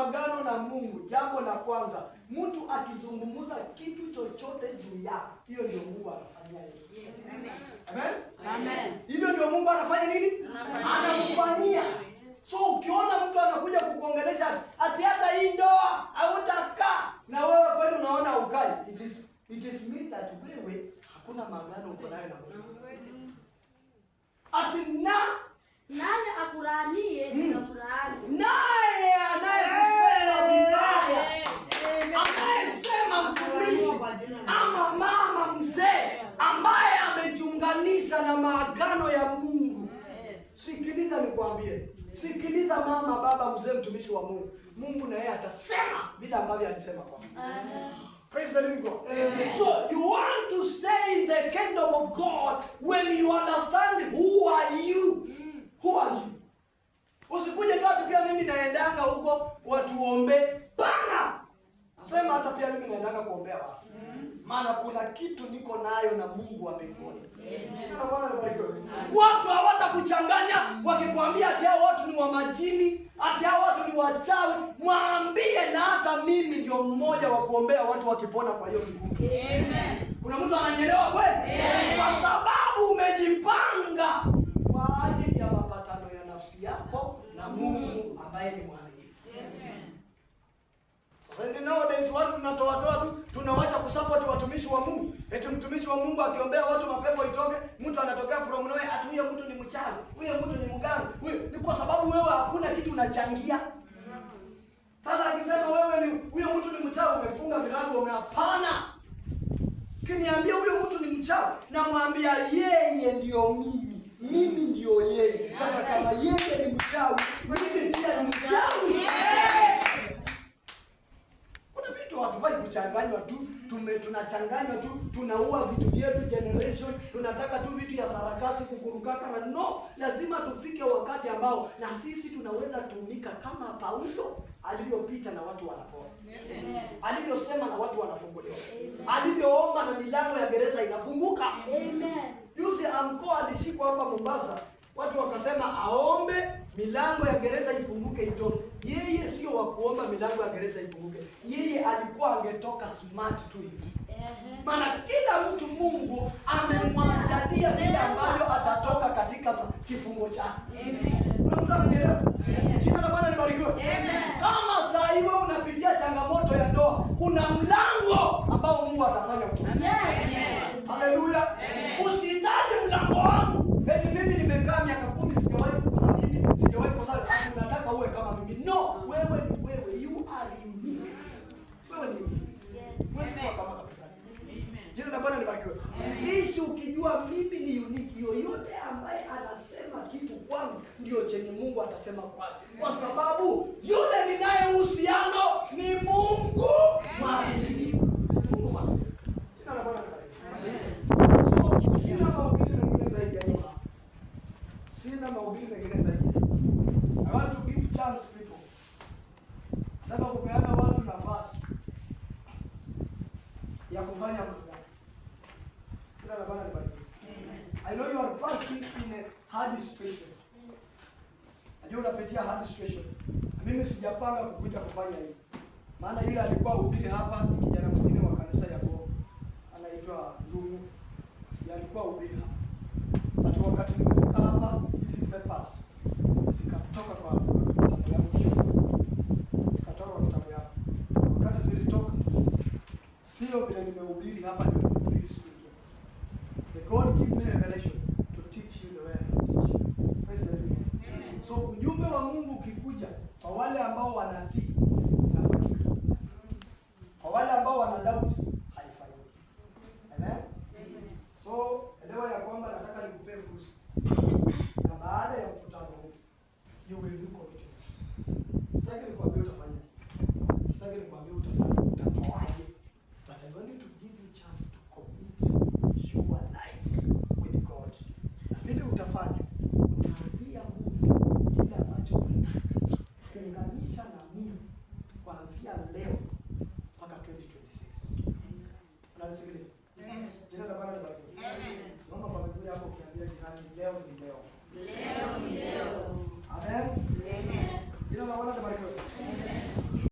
agano na Mungu, jambo la kwanza, mtu akizungumza kitu chochote juu yako, hiyo ndio Mungu anafanyia yeye. Amen, amen. Hivyo ndio Mungu anafanya nini? Anamfanyia. So ukiona mtu anakuja kukuongelesha ati hata hii ndoa hautakaa na wewe, kwani unaona ukai, it is it is me that wewe hakuna maagano uko nayo na Mungu, ati na nani naye akuranie hmm. kanisa na maagano ya Mungu. Sikiliza nikwambie, sikiliza mama, baba, mzee, mtumishi wa Mungu. Mungu na yeye atasema vile ambavyo alisema kwa Praise the living God. Amen. So you want to stay in the kingdom of God when you understand who are you. kitu niko nayo na Mungu amekuona. Watu hawatakuchanganya wakikwambia ati hao watu ni wa majini, ati hao watu ni wachawi. Mwambie na hata mimi ndio mmoja wa kuombea watu wakipona kwa hiyo kigumu. Amen. Kuna mtu ananielewa kweli? Kwa sababu umejipanga kwa ajili ya mapatano ya nafsi yako na Mungu ambaye ni mwaminifu. Sasa ndio nowadays watu tunatoa toa tu tunawa kusupport watumishi wa Mungu. Eti mtumishi wa Mungu akiombea watu mapepo itoke, mtu anatokea from nowhere, ati huyo mtu ni mchawi, huyo mtu ni mganga. Huyo ni kwa sababu wewe hakuna kitu unachangia. Sasa akisema wewe ni huyo mtu ni mchawi, umefunga milango, umehapana. Kiniambia huyo mtu ni mchawi, namwambia yeye ndio mimi, mimi ndio yeye. Sasa kama yeye ni mchawi, mimi pia watoto hatufai kuchanganywa tu, tume- tunachanganywa tu, tunaua vitu vyetu generation, tunataka tu vitu ya sarakasi kukurukakara. No, lazima tufike wakati ambao na sisi tunaweza tumika kama Paulo alivyopita na watu wanapoa alivyosema na watu wanafunguliwa, alivyoomba na milango ya gereza inafunguka. Juzi amkoa alishikwa hapa Mombasa watu wakasema aombe milango ya gereza ifunguke itoke. Yeye sio wa kuomba milango ya gereza ifunguke, yeye alikuwa angetoka smart tu hivi, maana kila mtu Mungu amemwandalia vile ambavyo atatoka katika kifungo chake. Jina la Bwana libarikiwe. Kama saa hii wewe unapitia changamoto ya ndoa, kuna mlango kama mimi. No, wewe ni wewe, you are unique. Wewe ni unique. Yes. Wewe kama kama. Jina la Bwana libarikiwe. Ishi ukijua mimi ni unique. Yoyote ambaye anasema kitu kwangu ndio chenye Mungu atasema kwake. Kwa sababu yule ninaye uhusiano ni Mungu. chance people. Nataka kupeana watu nafasi ya kufanya mtu. Kila na bana bali. I know you are passing in a hard situation. Yes. Najua unapitia hard situation. Mimi sijapanga kukuja kufanya hii. Maana yule alikuwa hubiri hapa kijana mwingine wa kanisa ya Bo. Anaitwa Lumu. Alikuwa hubiri hapa. Watu wakati nilipokaa nimehubiri hapa ni kuhubiri siku hiyo. The God give me revelation to teach you the way I teach you. Praise the Lord. So ujumbe wa Mungu ukikuja kwa wale ambao wanatii inafanyika. Kwa wale ambao wana doubt haifanyiki. Amen. So elewa ya kwamba nataka nikupee fursa. Yeah.